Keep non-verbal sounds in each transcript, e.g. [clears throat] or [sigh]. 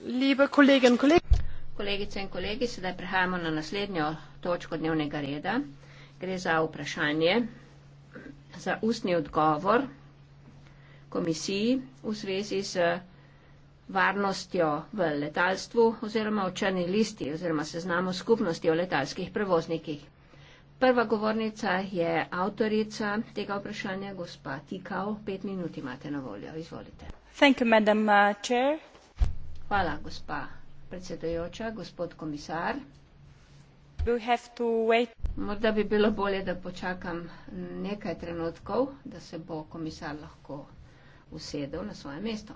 kolegice in kolegi, sedaj prehajamo na naslednjo točko dnevnega reda. Gre za vprašanje, za ustni odgovor komisiji v zvezi z varnostjo v letalstvu oziroma v črni listi oziroma seznamu skupnosti o letalskih prevoznikih. Prva govornica je avtorica tega vprašanja, gospa Tikal. Pet minut imate na voljo. Izvolite. Thank you, Madam uh, Chair. Hvala, gospa predsedujoča, gospod komisar. Morda bi bilo bolje, da počakam nekaj trenutkov, da se bo komisar lahko usedel na svoje mesto.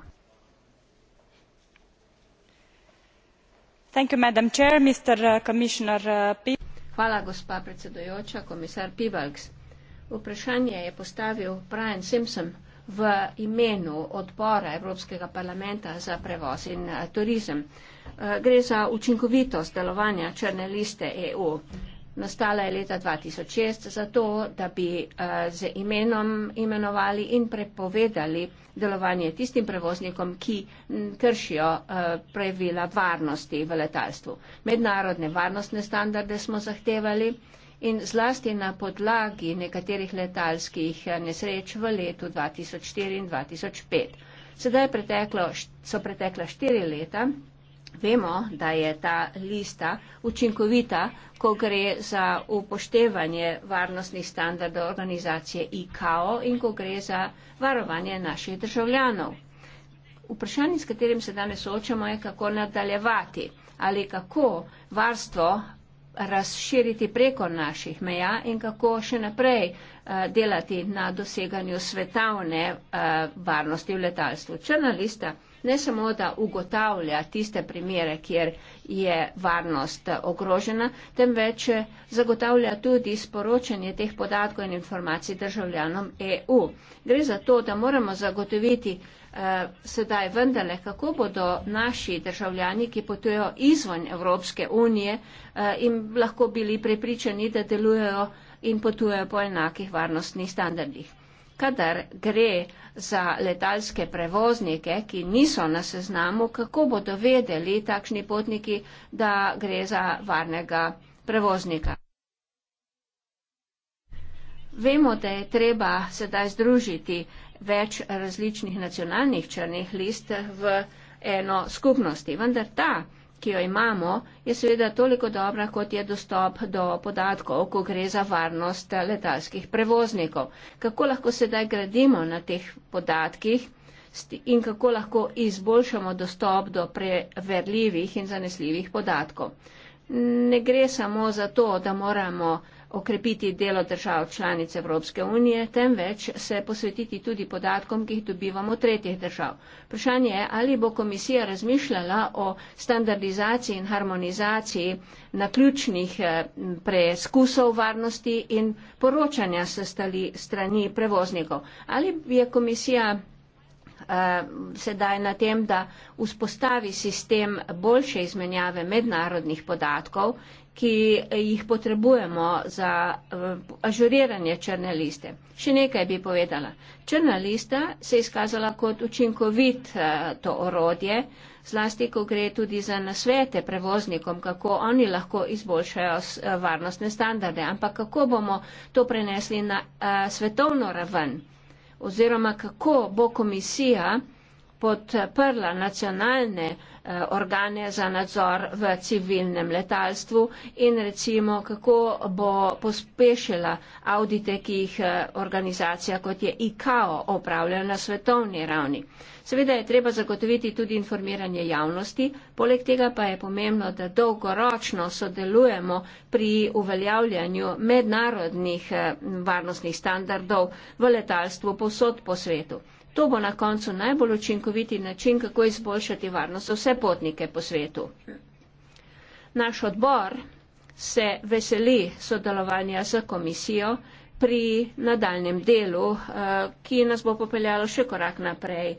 You, Chair, Mr. Uh, uh, Hvala, gospa predsedujoča, komisar Pivalks. Vprašanje je postavil Brian Simpson v imenu odbora Evropskega parlamenta za prevoz in eh, turizem. Eh, gre za učinkovitost delovanja črne liste EU. Nastala je leta 2006 zato, da bi eh, z imenom imenovali in prepovedali delovanje tistim prevoznikom, ki kršijo pravila varnosti v letalstvu. Mednarodne varnostne standarde smo zahtevali in zlasti na podlagi nekaterih letalskih nesreč v letu 2004 in 2005. Sedaj preteklo, so pretekla štiri leta. Vemo, da je ta lista učinkovita, ko gre za upoštevanje varnostnih standardov organizacije IKO in ko gre za varovanje naših državljanov. Vprašanje, s katerim se danes soočamo, je, kako nadaljevati ali kako varstvo razširiti preko naših meja in kako še naprej eh, delati na doseganju svetovne eh, varnosti v letalstvu. Črna lista ne samo da ugotavlja tiste primere, kjer je varnost ogrožena, temveč zagotavlja tudi sporočanje teh podatkov in informacij državljanom EU. Gre za to, da moramo zagotoviti eh, sedaj vendarle, kako bodo naši državljani, ki potujejo izven Evropske unije, eh, in lahko bili prepričani, da delujejo in potujejo po enakih varnostnih standardih kadar gre za letalske prevoznike, ki niso na seznamu, kako bodo vedeli takšni potniki, da gre za varnega prevoznika. Vemo, da je treba sedaj združiti več različnih nacionalnih črnih list v eno skupnosti, vendar ta ki jo imamo, je seveda toliko dobra, kot je dostop do podatkov, ko gre za varnost letalskih prevoznikov. Kako lahko sedaj gradimo na teh podatkih in kako lahko izboljšamo dostop do preverljivih in zanesljivih podatkov? Ne gre samo za to, da moramo okrepiti delo držav članic Evropske unije, temveč se posvetiti tudi podatkom, ki jih dobivamo od tretjih držav. Vprašanje je, ali bo komisija razmišljala o standardizaciji in harmonizaciji naključnih eh, preizkusov varnosti in poročanja se stali strani prevoznikov. Ali je komisija eh, sedaj na tem, da vzpostavi sistem boljše izmenjave mednarodnih podatkov ki jih potrebujemo za eh, ažuriranje črne liste. Še nekaj bi povedala. Črna lista se je izkazala kot učinkovit eh, to orodje, zlasti, ko gre tudi za nasvete prevoznikom, kako oni lahko izboljšajo eh, varnostne standarde, ampak kako bomo to prenesli na svetovno raven oziroma kako bo komisija podprla nacionalne eh, organe za nadzor v civilnem letalstvu in recimo, kako bo pospešila audite, ki jih eh, organizacija kot je IKAO opravlja na svetovni ravni. Seveda je treba zagotoviti tudi informiranje javnosti, poleg tega pa je pomembno, da dolgoročno sodelujemo pri uveljavljanju mednarodnih eh, varnostnih standardov v letalstvu posod po svetu. To bo na koncu najbolj učinkoviti način, kako izboljšati varnost za vse potnike po svetu. Naš odbor se veseli sodelovanja z komisijo pri nadaljem delu, eh, ki nas bo popeljalo še korak naprej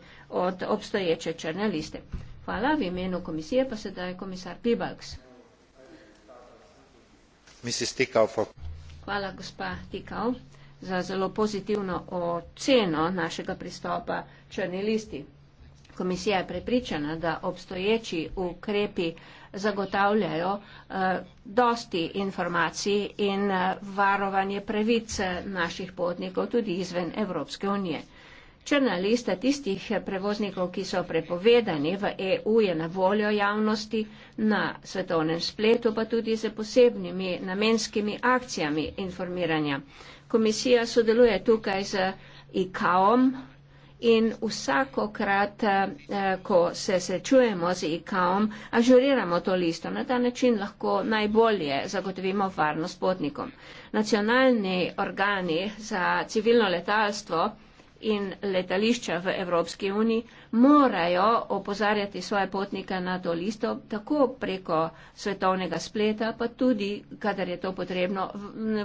od obstoječe črne liste. Hvala, v imenu komisije pa sedaj je komisar Pibalks. Hvala, gospa Tikal za zelo pozitivno oceno našega pristopa črni listi. Komisija je prepričana, da obstoječi ukrepi zagotavljajo eh, dosti informacij in eh, varovanje pravic eh, naših potnikov tudi izven Evropske unije. Črna lista tistih prevoznikov, ki so prepovedani v EU, je na voljo javnosti na svetovnem spletu, pa tudi z posebnimi namenskimi akcijami informiranja. Eh, komisija sodeluje tukaj z IKAOM in vsakokrat, eh, ko se srečujemo z IKAOM, ažuriramo to listo. Na ta način lahko najbolje zagotovimo varnost potnikom. Nacionalni organi za civilno letalstvo in letališča v Evropski uniji morajo opozarjati svoje potnike na to listo, tako preko svetovnega spleta, pa tudi, kadar je to potrebno,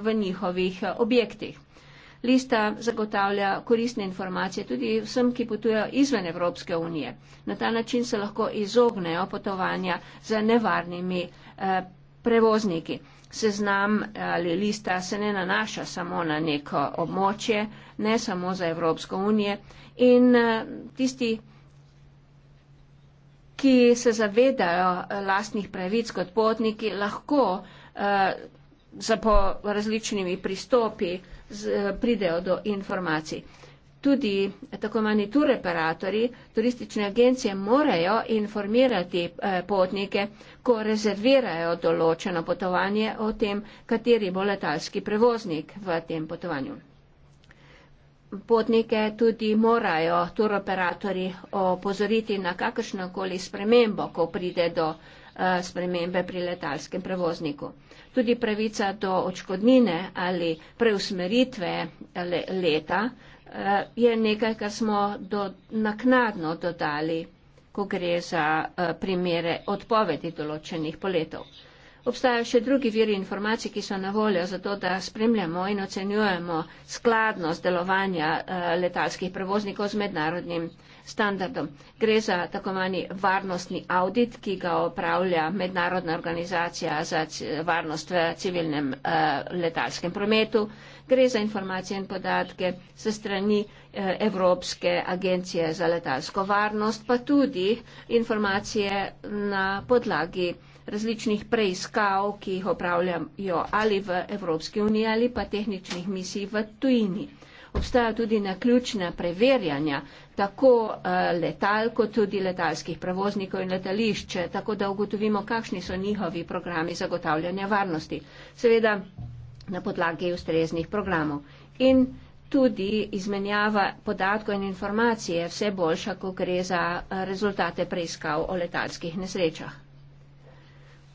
v njihovih objektih. Lista zagotavlja koristne informacije tudi vsem, ki potujejo izven Evropske unije. Na ta način se lahko izognejo potovanja z nevarnimi eh, prevozniki seznam ali lista se ne nanaša samo na neko območje, ne samo za Evropsko unijo in eh, tisti, ki se zavedajo eh, lastnih pravic kot potniki, lahko eh, za po različnimi pristopi pridejo do informacij tudi tako imani tureparatori, turistične agencije morajo informirati eh, potnike, ko rezervirajo določeno potovanje o tem, kateri bo letalski prevoznik v tem potovanju. Potnike tudi morajo turoperatori opozoriti na kakršnokoli spremembo, ko pride do eh, spremembe pri letalskem prevozniku. Tudi pravica do očkodnine ali preusmeritve leta Eh, je nekaj, kar smo do, naknadno dodali, ko gre za eh, primere odpovedi določenih poletov. Obstajajo še drugi viri informacij, ki so na voljo za to, da spremljamo in ocenjujemo skladnost delovanja eh, letalskih prevoznikov z mednarodnim standardom. Gre za tako manj varnostni audit, ki ga opravlja Mednarodna organizacija za varnost v civilnem uh, letalskem prometu. Gre za informacije in podatke se strani uh, Evropske agencije za letalsko varnost, pa tudi informacije na podlagi različnih preiskav, ki jih opravljajo ali v Evropski uniji ali pa tehničnih misij v tujini obstajajo tudi naključna preverjanja, tako eh, letal, kot tudi letalskih prevoznikov in letališče, eh, tako da ugotovimo, kakšni so njihovi programi zagotavljanja varnosti. Seveda na podlagi ustreznih programov. In tudi izmenjava podatkov in informacij je vse boljša, ko gre za eh, rezultate preiskav o letalskih nesrečah.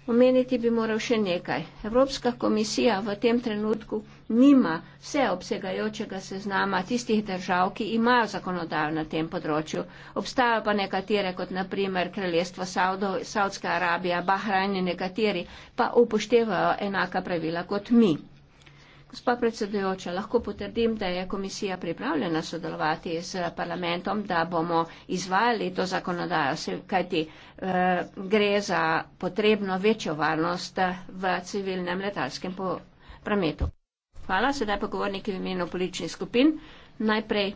Omeniti bi moral še nekaj. Evropska komisija v tem trenutku nima vse obsegajočega seznama tistih držav, ki imajo zakonodajo na tem področju. Obstajajo pa nekatere, kot naprimer Kraljestvo Saudske Arabije, Bahrajn in nekateri, pa upoštevajo enaka pravila kot mi. Gospa predsedujoča, lahko potrdim, da je komisija pripravljena sodelovati z parlamentom, da bomo izvajali to zakonodajo, kajti eh, gre za potrebno večjo varnost v civilnem letalskem prometu. Hvala, sedaj pa govorniki v imenu političnih skupin. Najprej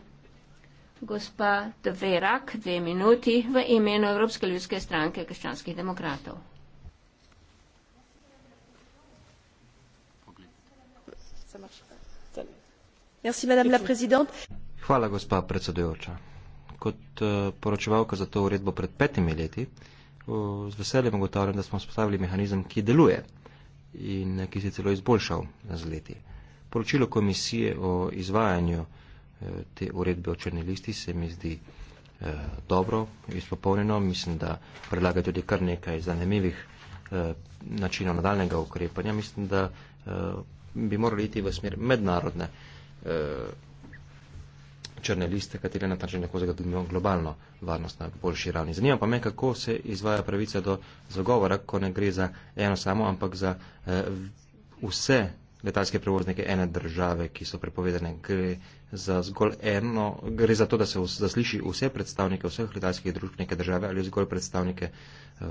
gospa Dverak, dve minuti, v imenu Evropske ljudske stranke krščanskih demokratov. Hvala, gospa predsedujoča. Kot eh, poročevalka za to uredbo pred petimi leti, z veseljem ugotavljam, da smo spostavili mehanizem, ki deluje in eh, ki se je celo izboljšal z leti. Poročilo komisije o izvajanju eh, te uredbe o črni listi se mi zdi eh, dobro, izpopolnjeno. Mislim, da predlaga tudi kar nekaj zanimivih eh, načinov nadaljnega ukrepanja. Mislim, da bi morali iti v smer mednarodne črne liste, katere na ta način lahko zagotovimo globalno varnost na boljši ravni. Zanima pa me, kako se izvaja pravica do zagovora, ko ne gre za eno samo, ampak za eh, vse letalske prevoznike ene države, ki so prepovedane, gre za zgolj eno, gre za to, da se zasliši vse predstavnike vseh letalskih družb neke države ali zgolj predstavnike uh,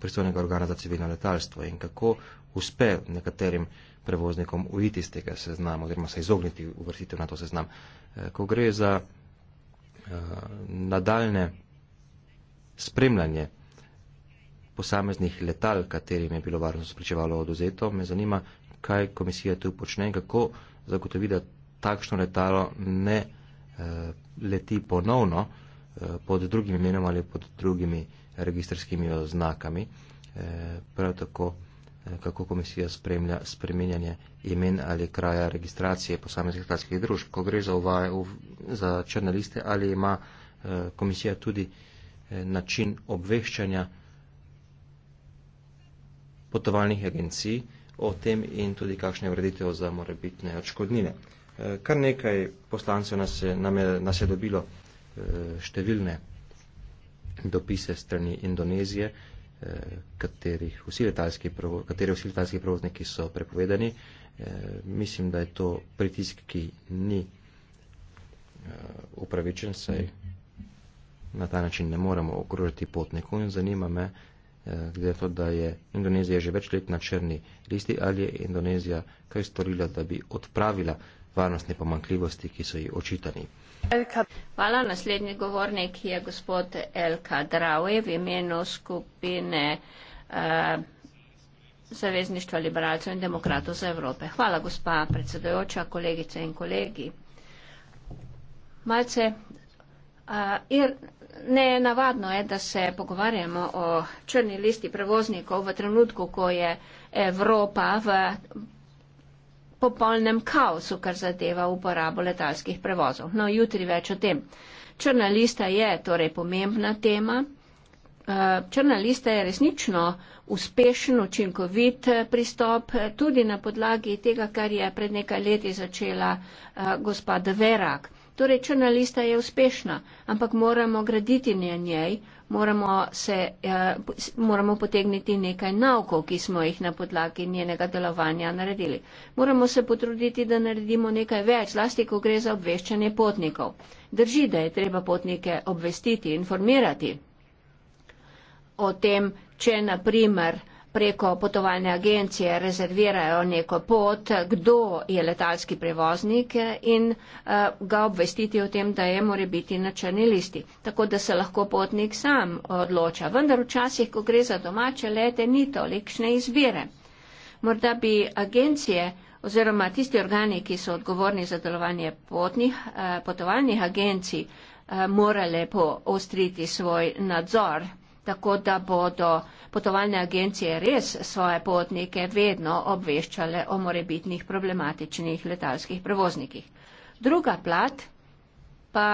pristojnega organa za civilno letalstvo in kako uspe nekaterim prevoznikom uiti iz tega seznama oziroma se izogniti uvrstitev na to seznam. Eh, ko gre za uh, eh, nadaljne spremljanje posameznih letal, katerim je bilo varnostno spričevalo oduzeto, me zanima, kaj komisija tu počne in kako zagotovi, da takšno letalo ne eh, leti ponovno eh, pod drugim imenom ali pod drugimi registrskimi oznakami. Eh, prav tako, eh, kako komisija spremlja spremenjanje imen ali kraja registracije posameznih letalskih družb, ko gre za, uvaje, uv, za črne liste ali ima eh, komisija tudi eh, način obveščanja potovalnih agencij o tem in tudi kakšne vreditev za morebitne odškodnine. E, kar nekaj poslancev nas je, nam je, nas je dobilo e, številne dopise strani Indonezije, e, katerih vsi letalski, katere vsi letalski provozniki so prepovedani. Mislim, da je to pritisk, ki ni upravičen, saj na ta način ne moremo ogrožiti potnikov in zanima me, Eh, zato da je Indonezija že več let na črni listi ali je Indonezija kaj storila, da bi odpravila varnostne pomankljivosti, ki so ji očitani. Hvala. Naslednji govornik je gospod Elka Drave v imenu skupine eh, Zavezništva liberalcev in demokratov za Evrope. Hvala, gospa predsedojoča, kolegice in kolegi. Malce. Eh, ne navadno je, da se pogovarjamo o črni listi prevoznikov v trenutku, ko je Evropa v popolnem kaosu, kar zadeva uporabo letalskih prevozov. No, jutri več o tem. Črna lista je torej pomembna tema. Eh, črna lista je resnično uspešen, učinkovit eh, pristop eh, tudi na podlagi tega, kar je pred nekaj leti začela gospa Dverak. Torej, črna lista je uspešna, ampak moramo graditi na njej, moramo, se, eh, moramo potegniti nekaj naukov, ki smo jih na podlagi njenega delovanja naredili. Moramo se potruditi, da naredimo nekaj več, zlasti, ko gre za obveščanje potnikov. Drži, da je treba potnike obvestiti, informirati o tem, če naprimer preko potovalne agencije rezervirajo neko pot, kdo je letalski prevoznik in eh, ga obvestiti o tem, da je more biti na črni listi. Tako da se lahko potnik sam odloča. Vendar včasih, ko gre za domače lete, ni tolikšne izbire. Morda bi agencije oziroma tisti organi, ki so odgovorni za delovanje potnih, eh, potovalnih agencij, eh, morale poostriti svoj nadzor tako da bodo potovalne agencije res svoje potnike vedno obveščale o morebitnih problematičnih letalskih prevoznikih. Druga plat pa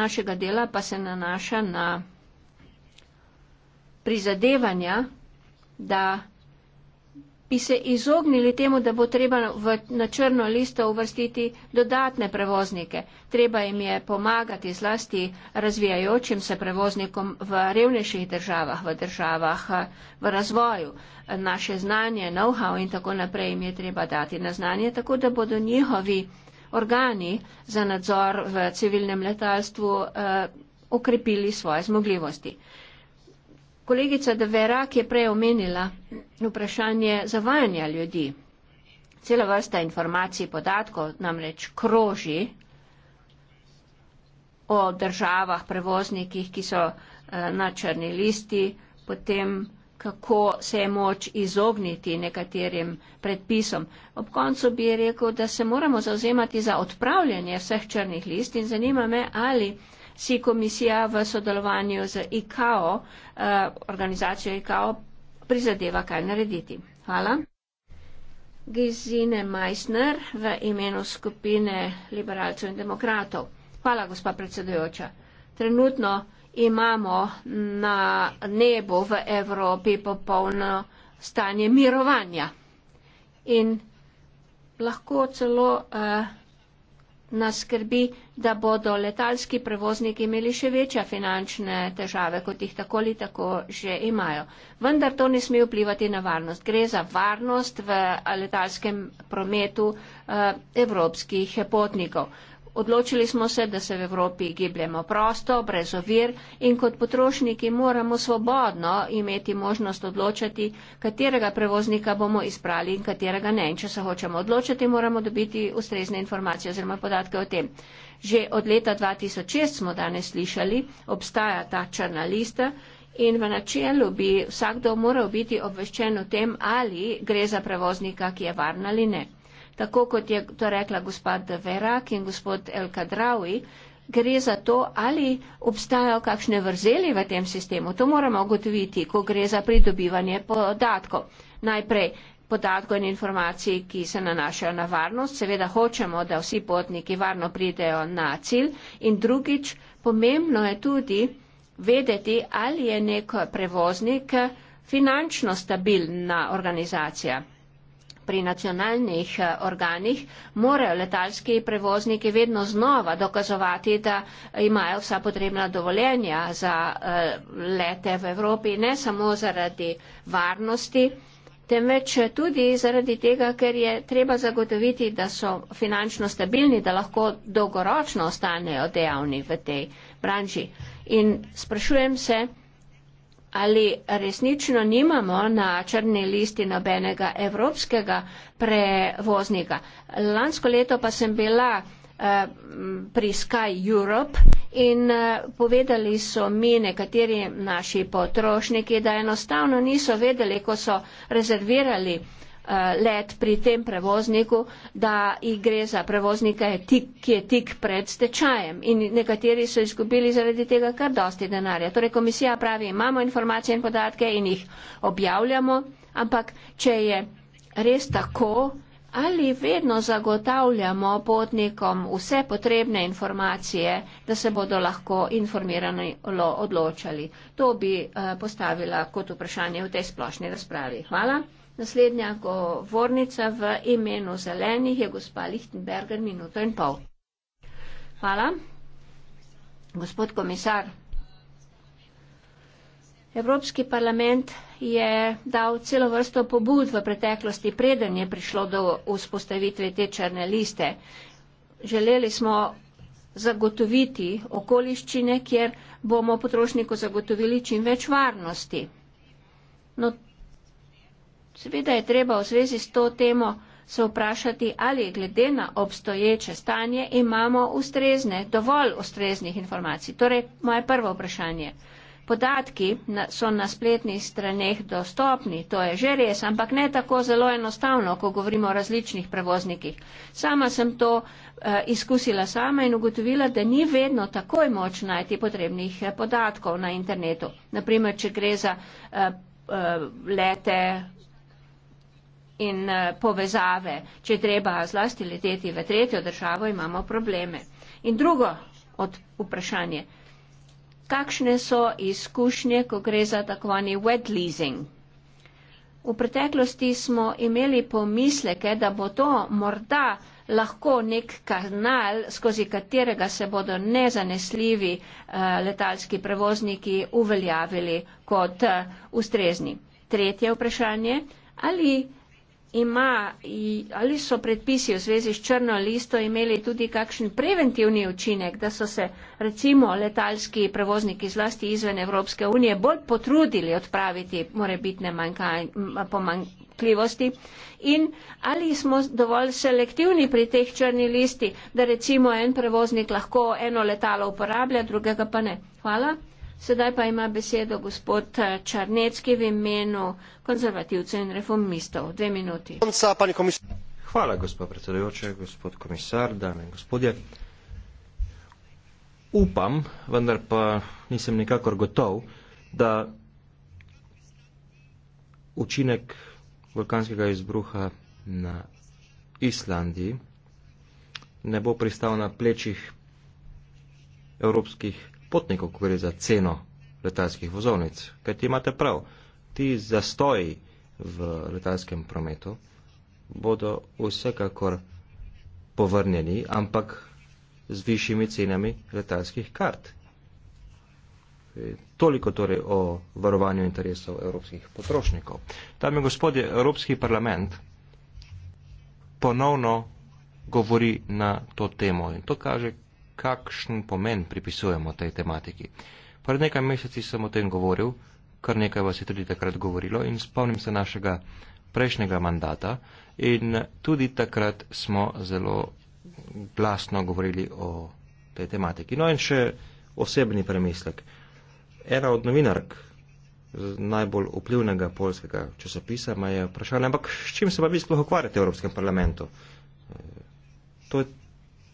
našega dela pa se nanaša na prizadevanja, da bi se izognili temu, da bo treba v, na črno listo uvrstiti dodatne prevoznike. Treba jim je pomagati zlasti razvijajočim se prevoznikom v revnejših državah, v državah eh, v razvoju. Naše znanje, know-how in tako naprej jim je treba dati na znanje, tako da bodo njihovi organi za nadzor v civilnem letalstvu eh, okrepili svoje zmogljivosti. Kolegica de Verak je prej omenila vprašanje zavajanja ljudi. Cela vrsta informacij, podatkov namreč kroži o državah, prevoznikih, ki so eh, na črni listi, potem kako se je moč izogniti nekaterim predpisom. Ob koncu bi rekel, da se moramo zauzemati za odpravljanje vseh črnih list in zanima me, ali si komisija v sodelovanju z ICAO, eh, organizacijo ICAO, prizadeva kaj narediti. Hvala. Gizine Meissner v imenu skupine liberalcev in demokratov. Hvala, gospa predsedujoča. Trenutno imamo na nebu v Evropi popolno stanje mirovanja in lahko celo uh, nas skrbi, da bodo letalski prevozniki imeli še večje finančne težave, kot jih tako ali tako že imajo. Vendar to ne sme vplivati na varnost. Gre za varnost v letalskem prometu eh, evropskih potnikov. Odločili smo se, da se v Evropi gibljemo prosto, brez ovir in kot potrošniki moramo svobodno imeti možnost odločati, katerega prevoznika bomo izbrali in katerega ne. In če se hočemo odločiti, moramo dobiti ustrezne informacije oziroma podatke o tem. Že od leta 2006 smo danes slišali, obstaja ta črna lista. In v načelu bi vsakdo moral biti obveščen o tem, ali gre za prevoznika, ki je varna ali ne tako kot je to rekla gospa Deverak in gospod El Kadravi, gre za to, ali obstajajo kakšne vrzeli v tem sistemu. To moramo ugotoviti, ko gre za pridobivanje podatkov. Najprej podatkov in informacij, ki se nanašajo na varnost. Seveda hočemo, da vsi potniki varno pridejo na cilj. In drugič, pomembno je tudi vedeti, ali je nek prevoznik finančno stabilna organizacija pri nacionalnih eh, organih, morajo letalski prevozniki vedno znova dokazovati, da imajo vsa potrebna dovoljenja za eh, lete v Evropi, ne samo zaradi varnosti, temveč tudi zaradi tega, ker je treba zagotoviti, da so finančno stabilni, da lahko dolgoročno ostanejo dejavni v tej branži. In sprašujem se, ali resnično nimamo na črni listi nobenega evropskega prevoznika. Lansko leto pa sem bila eh, pri Sky Europe in eh, povedali so mi nekateri naši potrošniki, da enostavno niso vedeli, ko so rezervirali Eh, let pri tem prevozniku, da jih gre za prevoznika, ki je tik pred stečajem. In nekateri so izgubili zaradi tega kar dosti denarja. Torej komisija pravi, imamo informacije in podatke in jih objavljamo, ampak če je res tako, ali vedno zagotavljamo potnikom vse potrebne informacije, da se bodo lahko informirani odločali. To bi eh, postavila kot vprašanje v tej splošni razpravi. Hvala. Naslednja govornica v imenu zelenih je gospa Lichtenberger, minuto in pol. Hvala. Gospod komisar, Evropski parlament je dal celo vrsto pobud v preteklosti, preden je prišlo do vzpostavitve te črne liste. Želeli smo zagotoviti okoliščine, kjer bomo potrošniku zagotovili čim več varnosti. No, Seveda je treba v zvezi s to temo se vprašati, ali glede na obstoječe stanje imamo ustrezne, dovolj ustreznih informacij. Torej, moje prvo vprašanje. Podatki so na spletnih straneh dostopni, to je že res, ampak ne tako zelo enostavno, ko govorimo o različnih prevoznikih. Sama sem to eh, izkusila sama in ugotovila, da ni vedno takoj moč najti potrebnih eh, podatkov na internetu. Naprimer, če gre za eh, lete in eh, povezave, če treba zlasti leteti v tretjo državo, imamo probleme. In drugo od vprašanje, kakšne so izkušnje, ko gre za takovani wet leasing? V preteklosti smo imeli pomisleke, da bo to morda lahko nek kanal, skozi katerega se bodo nezanesljivi eh, letalski prevozniki uveljavili kot eh, ustrezni. Tretje vprašanje, ali ima, ali so predpisi v zvezi s črno listo imeli tudi kakšen preventivni učinek, da so se recimo letalski prevozniki zlasti izven Evropske unije bolj potrudili odpraviti morebitne pomankljivosti in ali smo dovolj selektivni pri teh črni listi, da recimo en prevoznik lahko eno letalo uporablja, drugega pa ne. Hvala. Sedaj pa ima besedo gospod eh, Črnecki v imenu konzervativcev in reformistov. Dve minuti. Hvala, gospod predsedujoče, gospod komisar, dame in gospodje. Upam, vendar pa nisem nikakor gotov, da učinek vulkanskega izbruha na Islandiji ne bo pristal na plečih evropskih potnikov, ko gre za ceno letalskih vozovnic. Kaj ti imate prav? Ti zastoji v letalskem prometu bodo vsekakor povrnjeni, ampak z višjimi cenami letalskih kart. Toliko torej o varovanju interesov evropskih potrošnikov. Tam je gospodje Evropski parlament ponovno govori na to temo in to kaže, kakšen pomen pripisujemo tej tematiki. Pred nekaj meseci sem o tem govoril, kar nekaj vas je tudi takrat govorilo in spomnim se našega prejšnjega mandata in tudi takrat smo zelo glasno govorili o tej tematiki. No in še osebni premislek. Ena od novinark najbolj vplivnega polskega časopisa me je vprašala, ampak s čim se pa vi sploh ukvarjate v Evropskem parlamentu? To je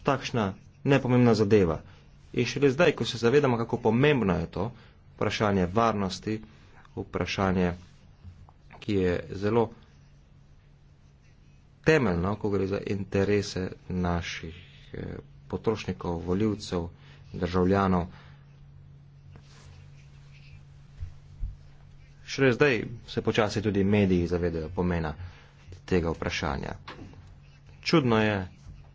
takšna nepomembna zadeva. In šele zdaj, ko se zavedamo, kako pomembno je to vprašanje varnosti, vprašanje, ki je zelo temeljno, ko gre za interese naših eh, potrošnikov, voljivcev, državljanov. Šele zdaj se počasi tudi mediji zavedajo pomena tega vprašanja. Čudno je,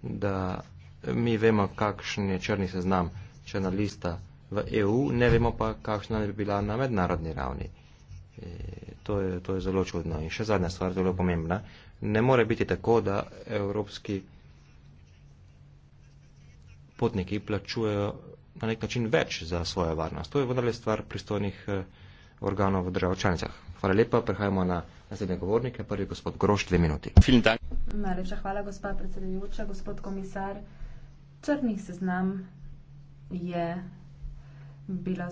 da mi vemo, kakšen je črni seznam črna lista v EU, ne vemo pa, kakšna bi bila na mednarodni ravni. E, to, je, to je zelo čudno. In še zadnja stvar, zelo pomembna. Ne more biti tako, da evropski potniki plačujejo na nek način več za svojo varnost. To je vendarle stvar pristojnih e, organov v državo članicah. Hvala lepa, prehajamo na naslednje govornike. Prvi gospod Groš, dve minuti. Najlepša hvala, gospod predsedujoča, gospod komisar črni seznam je bila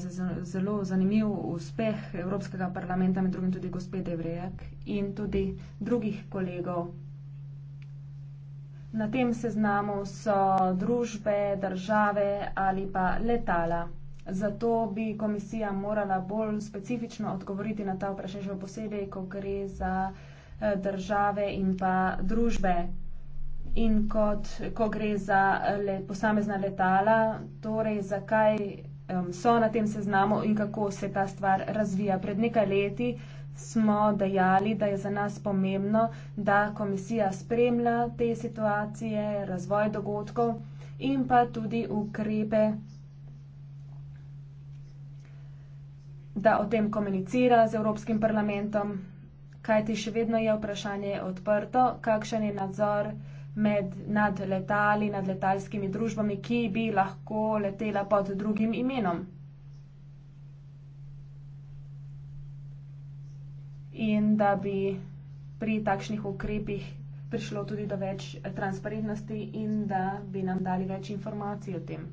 zelo zanimiv uspeh Evropskega parlamenta, med drugim tudi gospede Vrejak in tudi drugih kolegov. Na tem seznamu so družbe, države ali pa letala. Zato bi komisija morala bolj specifično odgovoriti na ta vprašanja, še posebej, ko gre za eh, države in pa družbe in kot, ko gre za le, posamezna letala, torej zakaj um, so na tem seznamu in kako se ta stvar razvija. Pred nekaj leti smo dejali, da je za nas pomembno, da komisija spremlja te situacije, razvoj dogodkov in pa tudi ukrepe, da o tem komunicira z Evropskim parlamentom, kajti še vedno je vprašanje odprto, kakšen je nadzor, med nad letali, nad letalskimi družbami, ki bi lahko letela pod drugim imenom. In da bi pri takšnih ukrepih prišlo tudi do več transparentnosti in da bi nam dali več informacij o tem.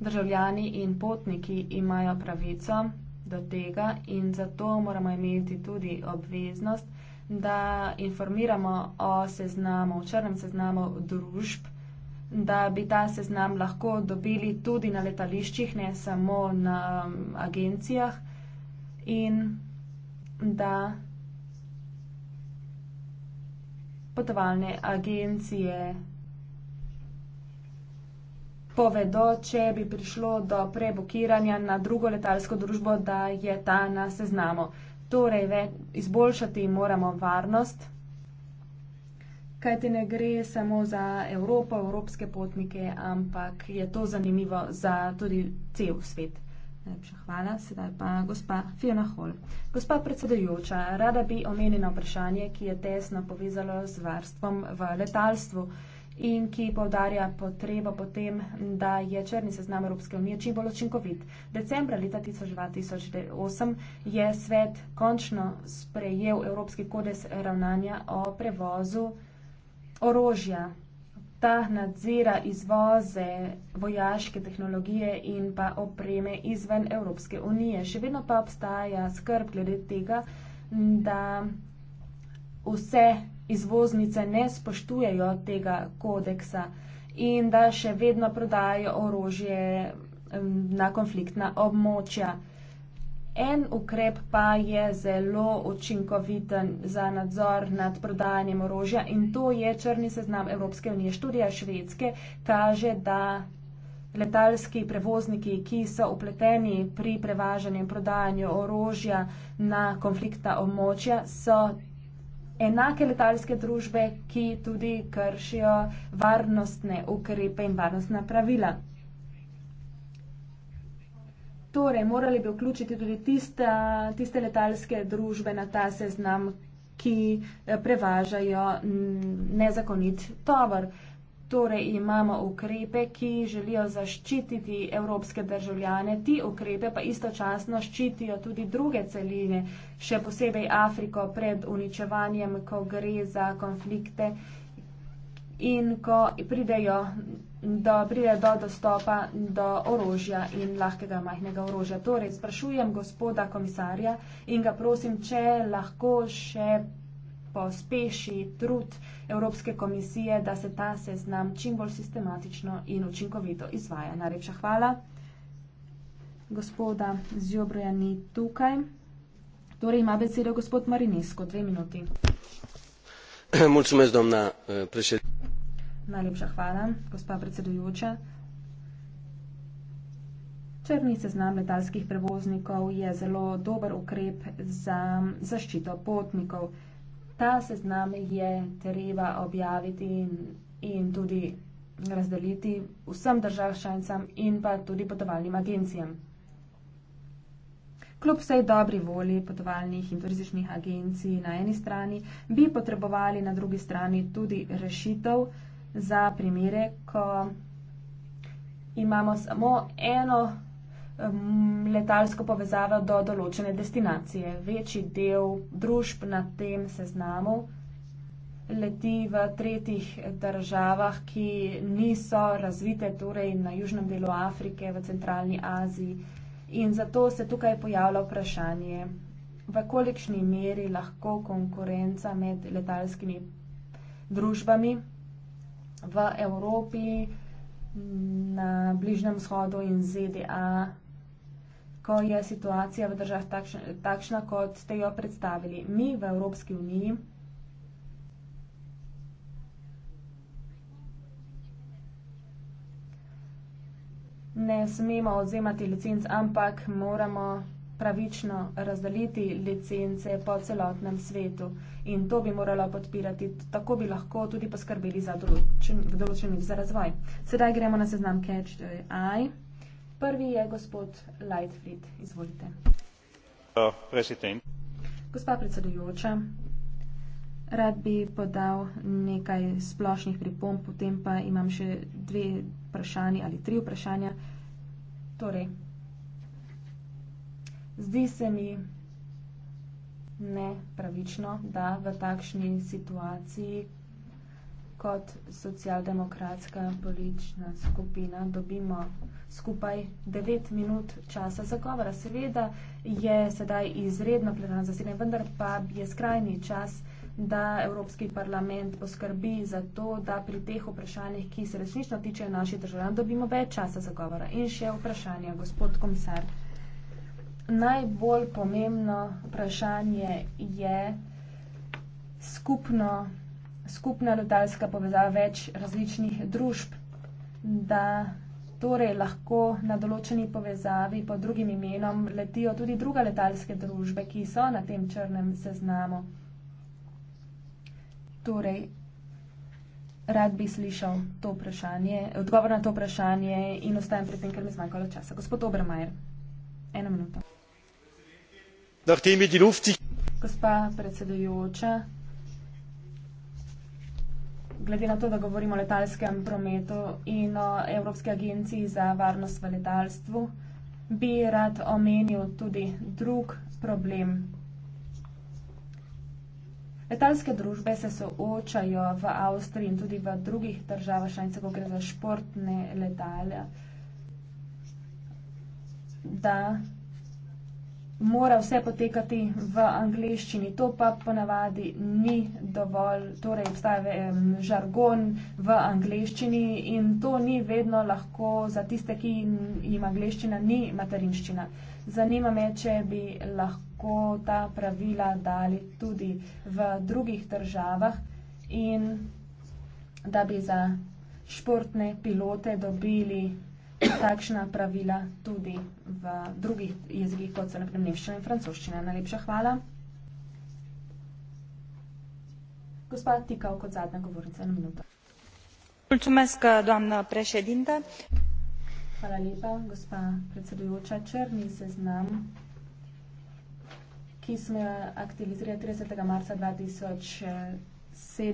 Državljani in potniki imajo pravico do tega in zato moramo imeti tudi obveznost, da informiramo o seznamu, o črnem seznamu družb, da bi ta seznam lahko dobili tudi na letališčih, ne samo na um, agencijah in da potovalne agencije povedo, če bi prišlo do prebukiranja na drugo letalsko družbo, da je ta na seznamu. Torej, izboljšati moramo varnost, kajti ne gre samo za Evropo, evropske potnike, ampak je to zanimivo za tudi cel svet. Najlepša hvala. Sedaj pa gospa Fiona Hall. Gospa predsedujoča, rada bi omenila vprašanje, ki je tesno povezalo z varstvom v letalstvu in ki povdarja potrebo potem, da je črni seznam Evropske unije čim bolj očinkovit. Decembra leta 2008 je svet končno sprejel Evropski kodeks ravnanja o prevozu orožja. Ta nadzira izvoze vojaške tehnologije in pa opreme izven Evropske unije. Še vedno pa obstaja skrb glede tega, da vse izvoznice ne spoštujejo tega kodeksa in da še vedno prodajajo orožje na konfliktna območja. En ukrep pa je zelo učinkoviten za nadzor nad prodajanjem orožja in to je črni seznam Evropske unije. Študija Švedske kaže, da letalski prevozniki, ki so upleteni pri prevažanju in prodajanju orožja na konfliktna območja, so enake letalske družbe, ki tudi kršijo varnostne ukrepe in varnostna pravila. Torej, morali bi vključiti tudi tista, tiste letalske družbe na ta seznam, ki eh, prevažajo nezakonit tovor torej imamo ukrepe, ki želijo zaščititi evropske državljane, ti ukrepe pa istočasno ščitijo tudi druge celine, še posebej Afriko pred uničevanjem, ko gre za konflikte in ko pridejo do, pride do dostopa do orožja in lahkega majhnega orožja. Torej, sprašujem gospoda komisarja in ga prosim, če lahko še pospeši trud Evropske komisije, da se ta seznam čim bolj sistematično in učinkovito izvaja. Najlepša hvala. Gospoda Zjobroja ni tukaj. Torej ima besedo gospod Marinesko. Dve minuti. [clears throat] Mulčumez, domna eh, predsednica. Najlepša hvala, gospa predsedujoča. Črni seznam letalskih prevoznikov je zelo dober ukrep za zaščito potnikov. Ta seznam je treba objaviti in, in tudi razdeliti vsem državam članicam in pa tudi potovalnim agencijam. Kljub vsej dobri volji potovalnih in turističnih agencij na eni strani, bi potrebovali na drugi strani tudi rešitev za primere, ko imamo samo eno letalsko povezavo do določene destinacije. Večji del družb na tem seznamu leti v tretjih državah, ki niso razvite, torej na južnem delu Afrike, v centralni Aziji. In zato se tukaj pojavlja vprašanje, v kolikšni meri lahko konkurenca med letalskimi družbami v Evropi, na Bližnjem shodu in ZDA ko je situacija v državah takšna, takšna, kot ste jo predstavili. Mi v Evropski uniji ne smemo odzemati licenc, ampak moramo pravično razdeliti licence po celotnem svetu. In to bi moralo podpirati, tako bi lahko tudi poskrbeli za določen, določen za razvoj. Sedaj gremo na seznam catch the eye. Prvi je gospod Lightfried. Izvolite. Gospa predsedujoča, rad bi podal nekaj splošnih pripomb, potem pa imam še dve vprašanje ali tri vprašanja. Torej, zdi se mi nepravično, da v takšni situaciji kot socialdemokratska politična skupina dobimo skupaj 9 minut časa za govora. Seveda je sedaj izredno plenarno zasedanje, vendar pa je skrajni čas, da Evropski parlament poskrbi za to, da pri teh vprašanjih, ki se resnično tičejo naših državljan, dobimo več časa za govora. In še vprašanje, gospod komisar. Najbolj pomembno vprašanje je skupno, skupna letalska povezava več različnih družb, da torej lahko na določeni povezavi pod drugim imenom letijo tudi druga letalske družbe, ki so na tem črnem seznamu. Torej, rad bi slišal to vprašanje, odgovor na to vprašanje in ostajem pri tem, ker mi zmanjkalo časa. Gospod Obermajer, ena minuta. Gospa predsedujoča, glede na to, da govorimo o letalskem prometu in o Evropski agenciji za varnost v letalstvu, bi rad omenil tudi drug problem. Letalske družbe se soočajo v Avstriji in tudi v drugih državah, šanjce, ko gre za športne letale, da mora vse potekati v angleščini. To pa ponavadi ni dovolj, torej obstaja žargon v angleščini in to ni vedno lahko za tiste, ki jim angleščina ni materinščina. Zanima me, če bi lahko ta pravila dali tudi v drugih državah in da bi za športne pilote dobili takšna pravila tudi v drugih jezikih, kot so naprimer nemščina in francoščina. Najlepša hvala. Gospa Tikal, kot zadnja govorica na minuto. Mulțumesc, doamna președintă. Hvala lepa, gospa predsedujoča. Črni seznam, ki smo jo aktivizirali 30. marca 2007,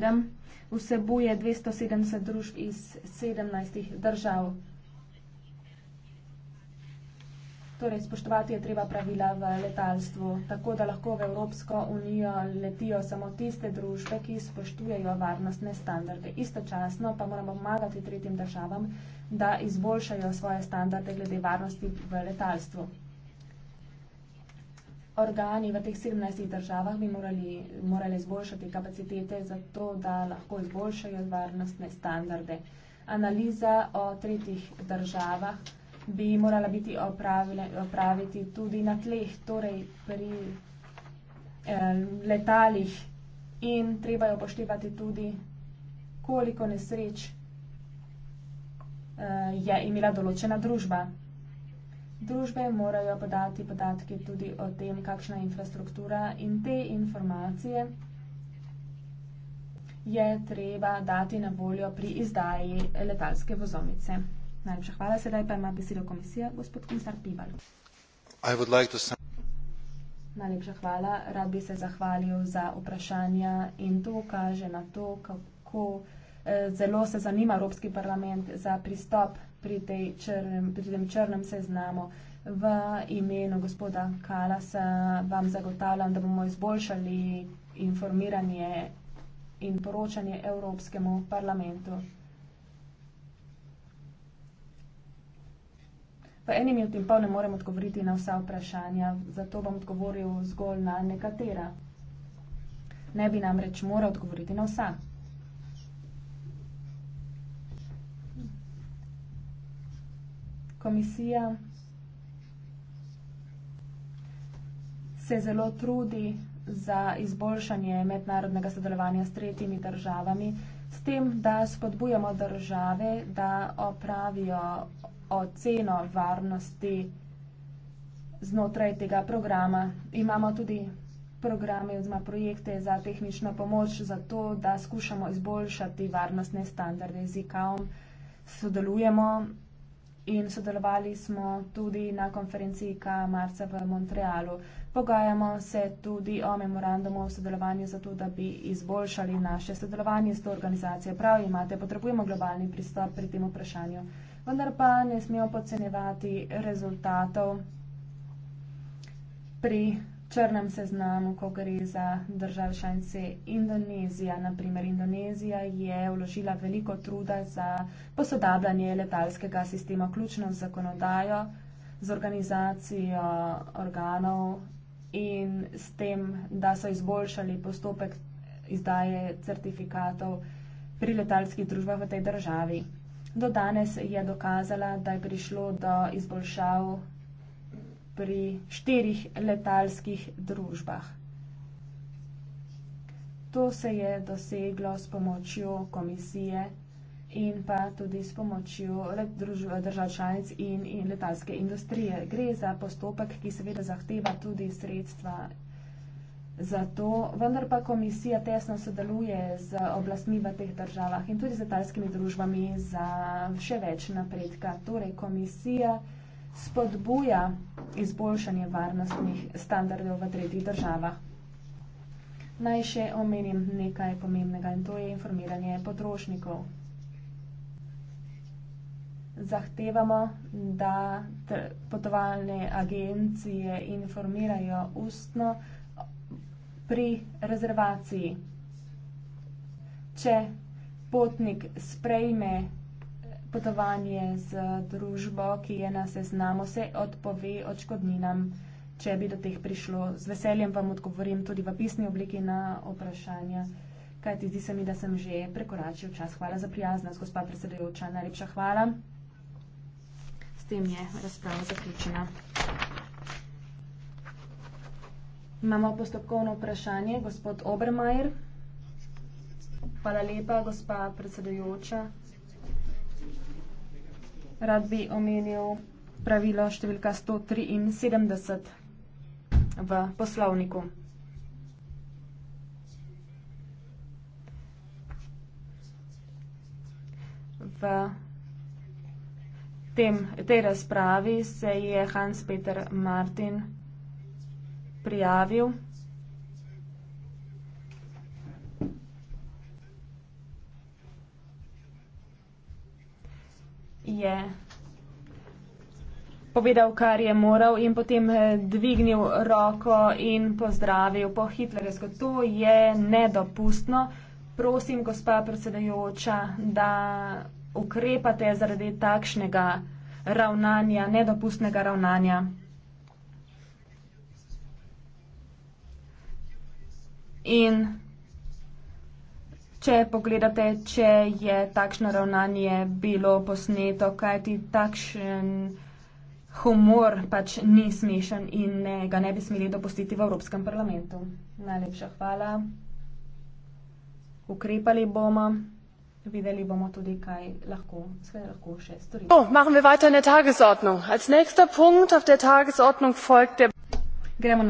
eh, vsebuje 270 družb iz 17 držav. Torej, spoštovati je treba pravila v letalstvu, tako da lahko v Evropsko unijo letijo samo tiste družbe, ki spoštujejo varnostne standarde. Istočasno pa moramo pomagati tretjim državam, da izboljšajo svoje standarde glede varnosti v letalstvu. Organi v teh 17 državah bi morali, morali izboljšati kapacitete za to, da lahko izboljšajo varnostne standarde. Analiza o tretjih državah bi morala biti opraviti tudi na tleh, torej pri eh, letalih. In treba je upoštevati tudi, koliko nesreč eh, je imela določena družba. Družbe morajo podati podatke tudi o tem, kakšna je infrastruktura in te informacije je treba dati na voljo pri izdaji letalske vozomice. Najlepša hvala. Sedaj pa ima besedo komisija, gospod komisar Pival. Najlepša hvala. Rad bi se zahvalil za vprašanja in to kaže na to, kako eh, zelo se zanima Evropski parlament za pristop pri, črnem, pri tem črnem seznamu. V imenu gospoda Kalasa vam zagotavljam, da bomo izboljšali informiranje in poročanje Evropskemu parlamentu. eni minuti in pol ne morem odgovoriti na vsa vprašanja, zato bom odgovoril zgolj na nekatera. Ne bi namreč moral odgovoriti na vsa. Komisija se zelo trudi za izboljšanje mednarodnega sodelovanja s tretjimi državami, s tem, da spodbujamo države, da opravijo oceno varnosti znotraj tega programa. Imamo tudi programe oziroma projekte za tehnično pomoč, zato da skušamo izboljšati varnostne standarde z IKOM. Sodelujemo in sodelovali smo tudi na konferenci IKA marca v Montrealu. Pogajamo se tudi o memorandumu o sodelovanju, zato da bi izboljšali naše sodelovanje s to organizacijo. Prav imate, potrebujemo globalni pristop pri tem vprašanju vendar pa ne smemo podcenjevati rezultatov pri črnem seznamu, ko gre za države članice Indonezija. Naprimer, Indonezija je vložila veliko truda za posodabljanje letalskega sistema, ključno z zakonodajo, z organizacijo organov in s tem, da so izboljšali postopek izdaje certifikatov pri letalskih družbah v tej državi. Do danes je dokazala, da je prišlo do izboljšav pri štirih letalskih družbah. To se je doseglo s pomočjo komisije in pa tudi s pomočjo držav članic in, in letalske industrije. Gre za postopek, ki seveda zahteva tudi sredstva Zato, vendar pa komisija tesno sodeluje z oblastmi v teh državah in tudi z italskimi družbami za še več napredka. Torej, komisija spodbuja izboljšanje varnostnih standardov v tretjih državah. Naj še omenim nekaj pomembnega in to je informiranje potrošnikov. Zahtevamo, da potovalne agencije informirajo ustno potrošnikov pri rezervaciji. Če potnik sprejme eh, potovanje z družbo, ki je na seznamu, se odpove očkodninam, če bi do teh prišlo. Z veseljem vam odgovorim tudi v pisni obliki na vprašanja, kajti zdi se mi, da sem že prekoračil čas. Hvala za prijaznost, gospa predsedujoča. Najlepša hvala. S tem je razprava zaključena. Imamo postopkovno vprašanje, gospod Obermajer. Hvala lepa, gospa predsedujoča. Rad bi omenil pravilo številka 173 v poslovniku. V tem, tej razpravi se je Hans-Peter Martin prijavil. Je povedal, kar je moral in potem eh, dvignil roko in pozdravil po hitlerjsko. To je nedopustno. Prosim, gospa predsedajoča, da ukrepate zaradi takšnega ravnanja, nedopustnega ravnanja. In če pogledate, če je takšno ravnanje bilo posneto, kajti takšen humor pač ni smešen in ne, ga ne bi smeli dopustiti v Evropskem parlamentu. Najlepša hvala. Ukrepali bomo. So, machen wir weiter in der Tagesordnung. Als nächster Punkt auf der Tagesordnung folgt der.